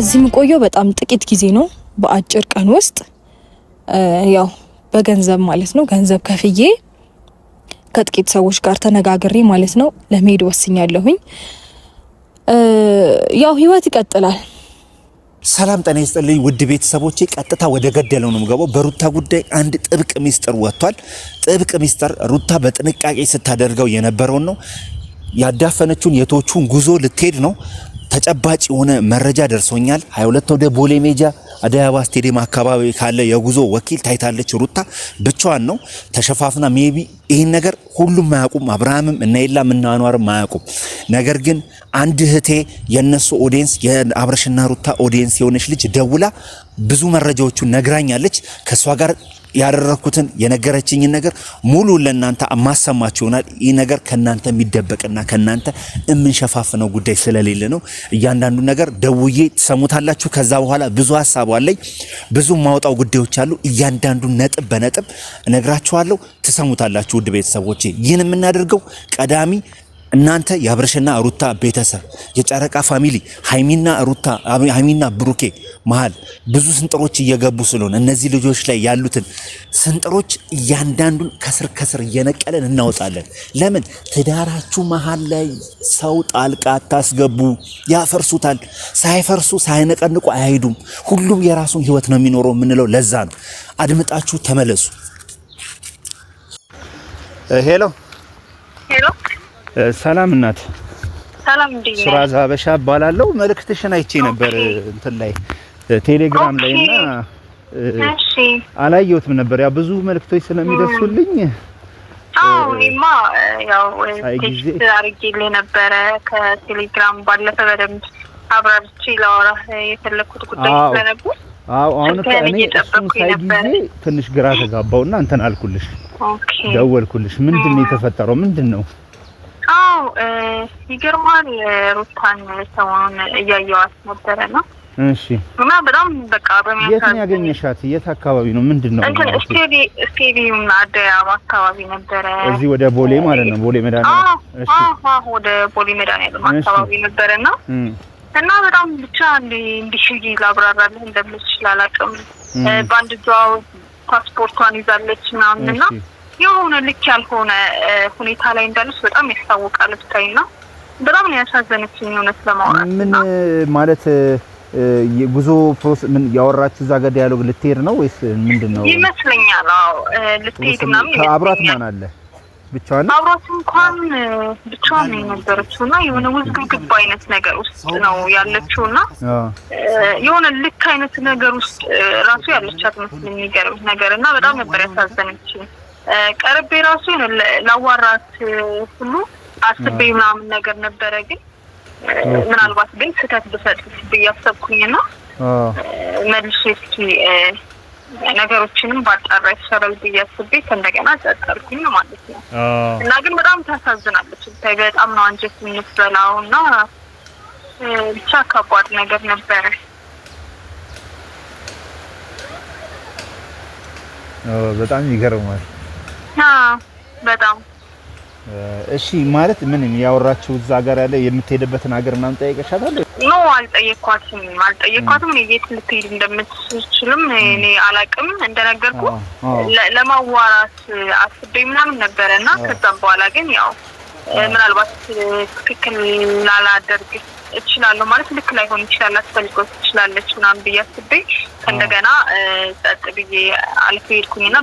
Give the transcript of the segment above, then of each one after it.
እዚህ የምቆየው በጣም ጥቂት ጊዜ ነው። በአጭር ቀን ውስጥ ያው በገንዘብ ማለት ነው ገንዘብ ከፍዬ ከጥቂት ሰዎች ጋር ተነጋግሬ ማለት ነው ለመሄድ ወስኛለሁኝ። ያው ህይወት ይቀጥላል። ሰላም ጤና ይስጥልኝ ውድ ቤተሰቦቼ፣ ቀጥታ ወደ ገደለው ነው የምገባው። በሩታ ጉዳይ አንድ ጥብቅ ሚስጥር ወጥቷል። ጥብቅ ሚስጥር ሩታ በጥንቃቄ ስታደርገው የነበረውን ነው ያዳፈነችውን የቶቹን ጉዞ ልትሄድ ነው ተጨባጭ የሆነ መረጃ ደርሶኛል። 22 ወደ ቦሌ ሜጃ አደይ አበባ ስቴዲየም አካባቢ ካለ የጉዞ ወኪል ታይታለች። ሩታ ብቻዋን ነው ተሸፋፍና። ሜቢ ይህን ነገር ሁሉም አያውቁም፣ አብርሃምም እና የላም እና አኗርም አያውቁም። ነገር ግን አንድ እህቴ የነሱ ኦዲየንስ የአብረሽና ሩታ ኦዲየንስ የሆነች ልጅ ደውላ ብዙ መረጃዎቹን ነግራኛለች። ከእሷ ጋር ያደረኩትን የነገረችኝን ነገር ሙሉ ለእናንተ ማሰማችሁ ይሆናል። ይህ ነገር ከእናንተ የሚደበቅና ከእናንተ የምንሸፋፍነው ጉዳይ ስለሌለ ነው። እያንዳንዱ ነገር ደውዬ ትሰሙታላችሁ። ከዛ በኋላ ብዙ ሀሳብ አለኝ፣ ብዙ ማውጣው ጉዳዮች አሉ። እያንዳንዱ ነጥብ በነጥብ እነግራችኋለሁ፣ ትሰሙታላችሁ። ውድ ቤተሰቦቼ ይህን የምናደርገው ቀዳሚ እናንተ የአብርሽና ሩታ ቤተሰብ የጨረቃ ፋሚሊ ሀይሚና ሩታ ሀይሚና ብሩኬ መሀል ብዙ ስንጥሮች እየገቡ ስለሆነ እነዚህ ልጆች ላይ ያሉትን ስንጥሮች እያንዳንዱን ከስር ከስር እየነቀለን እናወጣለን። ለምን ትዳራችሁ መሀል ላይ ሰው ጣልቃ አታስገቡ። ያፈርሱታል። ሳይፈርሱ ሳይነቀንቁ አይሄዱም። ሁሉም የራሱን ህይወት ነው የሚኖረው የምንለው ለዛ ነው። አድምጣችሁ ተመለሱ። ሄሎ ሰላም እናት። ሰላም። ሱራዝ ሀበሻ እባላለሁ። መልእክትሽን አይቼ ነበር እንትን ላይ ቴሌግራም ላይ እና አላየሁትም ነበር። ያው ብዙ መልእክቶች ስለሚደርሱልኝ አዎ እኔማ ያው ቴክስት አድርጌልህ ነበረ። ከቴሌግራም ባለፈ በደንብ አብራርቼ ላወራህ የፈለኩት ጉዳይ ስለነበር አዎ አሁን እኔ እሱን ሳይ ጊዜ ትንሽ ግራ ተጋባውና እንትን አልኩልሽ፣ ደወልኩልሽ። ምንድን ነው የተፈጠረው? ምንድን ነው? አዎ ይገርማል። ሩታን ሰሞኑን እያየዋት ነበረ ነው እሺ። እና በጣም በቃ በሚያሳዝን የት ነው ያገኘሻት? የት አካባቢ ነው? ምንድን ነው? እንትን ስቴዲየም አደያም አካባቢ ነበረ። እዚህ ወደ ቦሌ ማለት ነው? ቦሌ መድኃኒዓለም። እሺ፣ አዎ፣ ወደ ቦሌ መድኃኒዓለም አካባቢ ነበረ እና እና በጣም ብቻ እንዲህ ላብራራለህ እንደምችል አላውቅም። በአንድ እጇ ፓስፖርቷን ይዛለች ምናምን እና የሆነ ልክ ያልሆነ ሁኔታ ላይ እንዳለች በጣም ያስታውቃል ብታይ እና በጣም ነው ያሳዘነችኝ እውነት ለማውራት ምን ማለት የጉዞ ፕሮስ ምን ያወራችሁ እዛ ጋር ዲያሎግ ልትሄድ ነው ወይስ ምንድን ነው ይመስለኛል? አዎ ልትሄድ ምናምን ይመስለኛል። አብራት ማን አለ? ብቻዋን አብራት እንኳን ብቻዋን ነው የነበረችው እና የሆነ ውዝግብ አይነት ነገር ውስጥ ነው ያለችው እና የሆነ ልክ አይነት ነገር ውስጥ ራሱ ያለቻት መስል የሚገርም ነገር እና በጣም ነበር ያሳዘነች። ቀርቤ ራሱ የሆነ ላዋራት ሁሉ አስቤ ምናምን ነገር ነበረ ግን ምናልባት ግን ስህተት ብሰጥ ብዬ አሰብኩኝና መልሼ እስኪ ነገሮችንም ባጣራ ይሻላል ብዬ አስቤ ከእንደገና ጸጠርኩኝ ማለት ነው። እና ግን በጣም ታሳዝናለች። ብታይ በጣም ነው አንጀት የምትበላው እና ብቻ ከባድ ነገር ነበረ። በጣም ይገርማል። በጣም እሺ ማለት ምንም ያወራችው እዛ ጋር ያለ የምትሄድበትን ሀገር ምናምን ጠይቀሻታል? ኖ አልጠየኳትም፣ አልጠየኳትም። እኔ የት ልትሄድ እንደምትችልም እኔ አላቅም። እንደነገርኩ ለማዋራት አስቤ ምናምን ነበረ እና ከዛም በኋላ ግን ያው ምናልባት ትክክል ላላደርግ እችላለሁ ማለት ልክ ላይሆን ይችላል፣ አስፈልገው ትችላለች ምናምን ብዬ አስቤ ከእንደገና ጸጥ ብዬ አልፌ ሄድኩኝና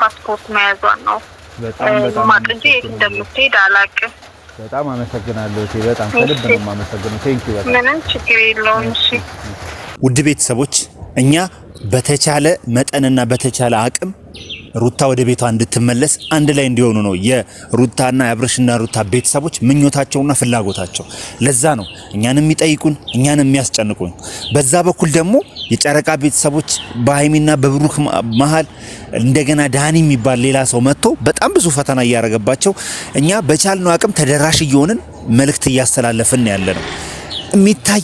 ፓስፖርት መያዟን ነው በጣም በጣም ማጥጂ እንደምትሄድ አላውቅም። በጣም አመሰግናለሁ። እቴ በጣም ከልብ ነው የማመሰግነው። ቴንክ ዩ በጣም ምንም ችግር የለውም። እሺ ውድ ቤተሰቦች እኛ በተቻለ መጠንና በተቻለ አቅም ሩታ ወደ ቤቷ እንድትመለስ አንድ ላይ እንዲሆኑ ነው የሩታና የአብርሽና ሩታ ቤተሰቦች ምኞታቸውና ፍላጎታቸው። ለዛ ነው እኛን የሚጠይቁን እኛን የሚያስጨንቁን። በዛ በኩል ደግሞ የጨረቃ ቤተሰቦች በሀይሚና በብሩክ መሀል እንደገና ዳኒ የሚባል ሌላ ሰው መጥቶ በጣም ብዙ ፈተና እያደረገባቸው እኛ በቻልነው አቅም ተደራሽ እየሆንን መልእክት እያስተላለፍን ያለ ነው የሚታይ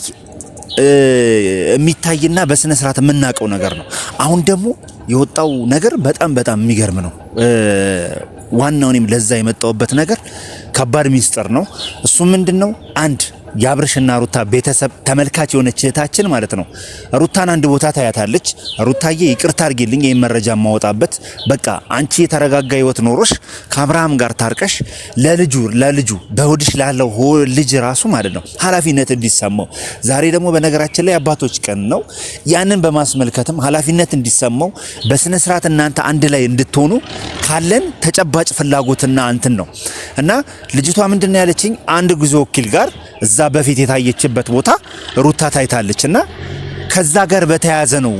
የሚታይና በስነ ስርዓት የምናውቀው ነገር ነው። አሁን ደግሞ የወጣው ነገር በጣም በጣም የሚገርም ነው። ዋናው እኔም ለዛ የመጣውበት ነገር ከባድ ሚስጥር ነው። እሱ ምንድን ነው? አንድ የአብርሽና ሩታ ቤተሰብ ተመልካች የሆነች እህታችን ማለት ነው ሩታን አንድ ቦታ ታያታለች። ሩታዬ ይቅርታ አድርጌልኝ ይህን መረጃ የማወጣበት በቃ አንቺ የተረጋጋ ህይወት ኖሮሽ ከአብርሃም ጋር ታርቀሽ ለልጁ ለልጁ በሆድሽ ላለው ልጅ ራሱ ማለት ነው ኃላፊነት እንዲሰማው ዛሬ ደግሞ በነገራችን ላይ አባቶች ቀን ነው። ያንን በማስመልከትም ኃላፊነት እንዲሰማው በስነ ስርዓት እናንተ አንድ ላይ እንድትሆኑ ካለን ተጨባጭ ፍላጎትና እንትን ነው እና ልጅቷ ምንድን ያለችኝ አንድ ጉዞ ወኪል ጋር እዛ በፊት የታየችበት ቦታ ሩታ ታይታለች እና ከዛ ጋር በተያያዘ ነው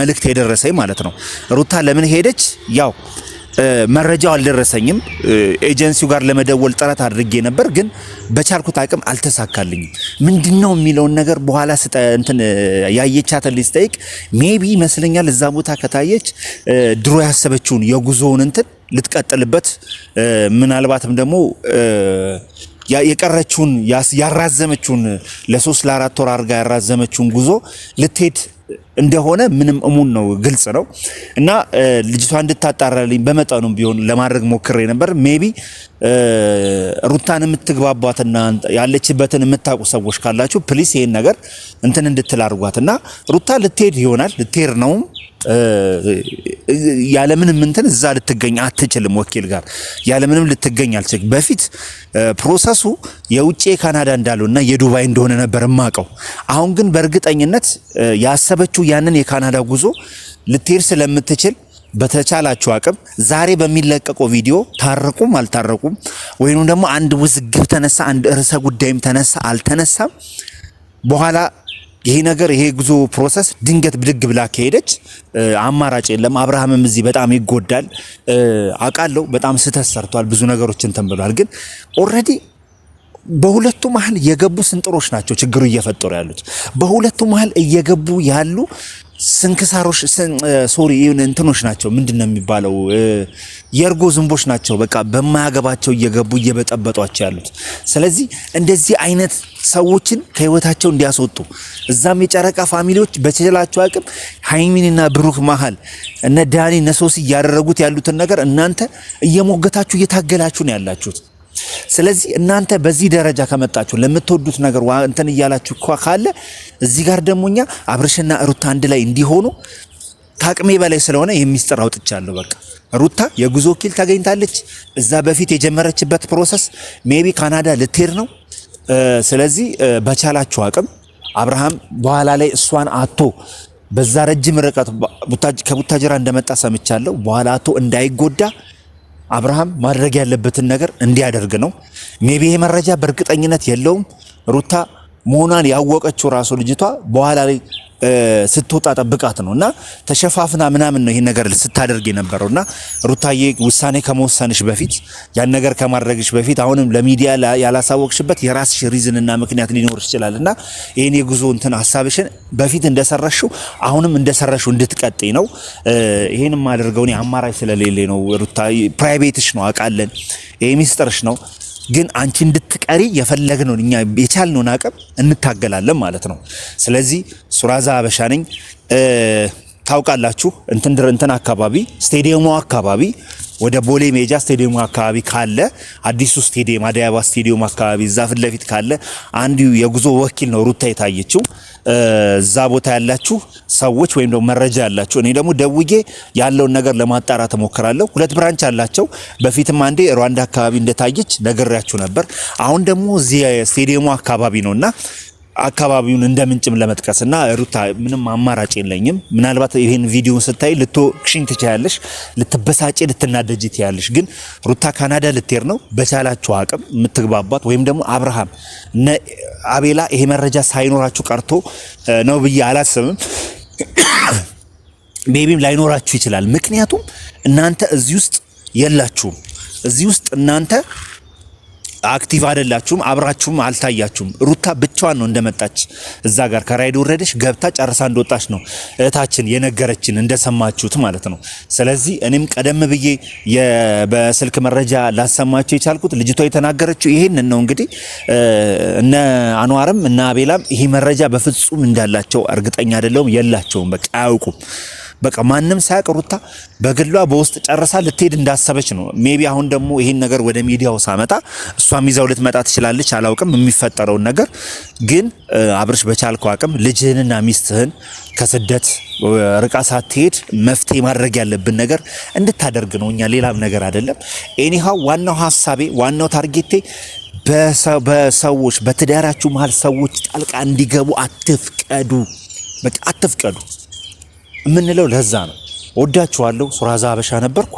መልእክት የደረሰኝ ማለት ነው። ሩታ ለምን ሄደች? ያው መረጃው አልደረሰኝም። ኤጀንሲው ጋር ለመደወል ጥረት አድርጌ ነበር፣ ግን በቻልኩት አቅም አልተሳካልኝም። ምንድነው የሚለውን ነገር በኋላ እንትን ያየቻትን ሜቢ ይመስለኛል እዛ ቦታ ከታየች ድሮ ያሰበችውን የጉዞውን እንትን ልትቀጥልበት ምናልባትም ደግሞ የቀረችውን ያራዘመችውን ለሶስት ለአራት ወር አድርጋ ያራዘመችውን ጉዞ ልትሄድ እንደሆነ ምንም እሙን ነው፣ ግልጽ ነው። እና ልጅቷ እንድታጣራልኝ በመጠኑም ቢሆን ለማድረግ ሞክሬ ነበር። ሜቢ ሩታን የምትግባቧትና ያለችበትን የምታውቁ ሰዎች ካላችሁ ፕሊስ ይሄን ነገር እንትን እንድትል አድርጓት እና ሩታ ልትሄድ ይሆናል ልትሄድ ነው ያለምንም እንትን እዛ ልትገኝ አትችልም። ወኪል ጋር ያለምንም ልትገኝ አልችልም። በፊት ፕሮሰሱ የውጭ የካናዳ እንዳለውና የዱባይ እንደሆነ ነበር የማውቀው። አሁን ግን በእርግጠኝነት ያሰበችው ያንን የካናዳ ጉዞ ልትሄድ ስለምትችል በተቻላችሁ አቅም ዛሬ በሚለቀቀው ቪዲዮ ታረቁም አልታረቁም ወይም ደግሞ አንድ ውዝግብ ተነሳ፣ አንድ ርዕሰ ጉዳይም ተነሳ አልተነሳም፣ በኋላ ይሄ ነገር ይሄ ጉዞ ፕሮሰስ ድንገት ብድግ ብላ ከሄደች አማራጭ የለም። አብርሃምም እዚህ በጣም ይጎዳል። አውቃለሁ፣ በጣም ስህተት ሰርቷል፣ ብዙ ነገሮችን ተንብሏል። ግን ኦልሬዲ በሁለቱ መሀል የገቡ ስንጥሮች ናቸው ችግሩ እየፈጠሩ ያሉት። በሁለቱ መሀል እየገቡ ያሉ ስንክሳሮች ሶሪ እንትኖች ናቸው። ምንድን ነው የሚባለው? የእርጎ ዝንቦች ናቸው። በቃ በማያገባቸው እየገቡ እየበጠበጧቸው ያሉት። ስለዚህ እንደዚህ አይነት ሰዎችን ከህይወታቸው እንዲያስወጡ እዛም የጨረቃ ፋሚሊዎች በችላቸው አቅም ሀይሚንና ብሩክ መሀል እነ ዳኒ እነ እያደረጉት ያሉትን ነገር እናንተ እየሞገታችሁ እየታገላችሁ ነው ያላችሁት። ስለዚህ እናንተ በዚህ ደረጃ ከመጣችሁ ለምትወዱት ነገር እንትን እያላችሁ ካለ እዚህ ጋር ደግሞ እኛ አብርሽና ሩታ አንድ ላይ እንዲሆኑ ከአቅሜ በላይ ስለሆነ የሚስጥር አውጥቻለሁ። በቃ ሩታ የጉዞ ኪል ታገኝታለች። እዛ በፊት የጀመረችበት ፕሮሰስ ሜቢ ካናዳ ልትሄድ ነው። ስለዚህ በቻላችሁ አቅም አብርሃም በኋላ ላይ እሷን አቶ በዛ ረጅም ርቀት ከቡታጅራ እንደመጣ ሰምቻለሁ። በኋላ አቶ እንዳይጎዳ አብርሃም ማድረግ ያለበትን ነገር እንዲያደርግ ነው። ሜቢ ይሄ መረጃ በእርግጠኝነት የለውም። ሩታ መሆኗን ያወቀችው ራሱ ልጅቷ በኋላ ላይ ስትወጣ ጠብቃት ነው እና ተሸፋፍና ምናምን ነው ይሄን ነገር ስታደርግ የነበረው እና ሩታዬ ውሳኔ ከመወሰንሽ በፊት ያን ነገር ከማድረግሽ በፊት አሁንም ለሚዲያ ያላሳወቅሽበት የራስሽ ሪዝን እና ምክንያት ሊኖር ይችላል እና ይህን የጉዞ እንትን ሀሳብሽን በፊት እንደሰራሽው አሁንም እንደሰራሽው እንድትቀጥይ ነው። ይህን የማደርገው እኔ አማራጭ ስለሌለ ነው። ሩታ ፕራይቬትሽ ነው አውቃለን። ይህ ሚስጥርሽ ነው ግን አንቺ እንድትቀሪ የፈለግነውን እኛ የቻልነውን አቅም እንታገላለን ማለት ነው። ስለዚህ ሱራዛ ሀበሻ ነኝ። ታውቃላችሁ እንትንድር እንትን አካባቢ ስቴዲየሙ አካባቢ ወደ ቦሌ ሜጃ ስቴዲየሙ አካባቢ ካለ አዲሱ ስቴዲየም አዲስ አበባ ስቴዲየም አካባቢ እዛ ፊት ለፊት ካለ አንዱ የጉዞ ወኪል ነው ሩታ የታየችው። እዛ ቦታ ያላችሁ ሰዎች ወይም ደግሞ መረጃ ያላችሁ፣ እኔ ደግሞ ደውዬ ያለውን ነገር ለማጣራት እሞክራለሁ። ሁለት ብራንች አላቸው። በፊትም አንዴ ሩዋንዳ አካባቢ እንደታየች ነግሬያችሁ ነበር። አሁን ደግሞ እዚህ ስቴዲየሙ አካባቢ ነውና አካባቢውን እንደ ምንጭም ለመጥቀስ እና ሩታ ምንም አማራጭ የለኝም። ምናልባት ይህን ቪዲዮን ስታይ ልትወቅሽኝ ትችያለሽ፣ ልትበሳጭ ልትናደጅ ትያለሽ። ግን ሩታ ካናዳ ልትሄድ ነው። በቻላችሁ አቅም የምትግባባት ወይም ደግሞ አብርሃም እነ አቤላ ይሄ መረጃ ሳይኖራችሁ ቀርቶ ነው ብዬ አላስብም። ቤቢም ላይኖራችሁ ይችላል። ምክንያቱም እናንተ እዚህ ውስጥ የላችሁም። እዚህ ውስጥ እናንተ አክቲቭ አይደላችሁም፣ አብራችሁም አልታያችሁም። ሩታ ብቻዋን ነው እንደመጣች እዛ ጋር ከራይድ ወረደች ገብታ ጨርሳ እንደወጣች ነው እህታችን የነገረችን እንደሰማችሁት ማለት ነው። ስለዚህ እኔም ቀደም ብዬ በስልክ መረጃ ላሰማችሁ የቻልኩት ልጅቷ የተናገረችው ይህን ነው። እንግዲህ እነ አኗርም እነ አቤላም ይሄ መረጃ በፍጹም እንዳላቸው እርግጠኛ አይደለሁም። የላቸውም፣ በቃ አያውቁም። በቃ ማንም ሳያቅ ሩታ በግሏ በውስጥ ጨርሳ ልትሄድ እንዳሰበች ነው። ሜቢ አሁን ደግሞ ይሄን ነገር ወደ ሚዲያው ሳመጣ እሷም ይዛው ልትመጣ ትችላለች። አላውቅም የሚፈጠረውን ነገር ግን አብርሽ በቻልከው አቅም ልጅህንና ሚስትህን ከስደት ርቃ ሳትሄድ መፍትሄ ማድረግ ያለብን ነገር እንድታደርግ ነው እኛ ሌላም ነገር አይደለም። ኤኒሃው ዋናው ሀሳቤ ዋናው ታርጌቴ በሰዎች በትዳራችሁ መሀል ሰዎች ጣልቃ እንዲገቡ አትፍቀዱ፣ በቃ አትፍቀዱ። የምንለው ለዛ ነው። ወዳችኋለሁ። ሱራዛ ሀበሻ ነበርኩ።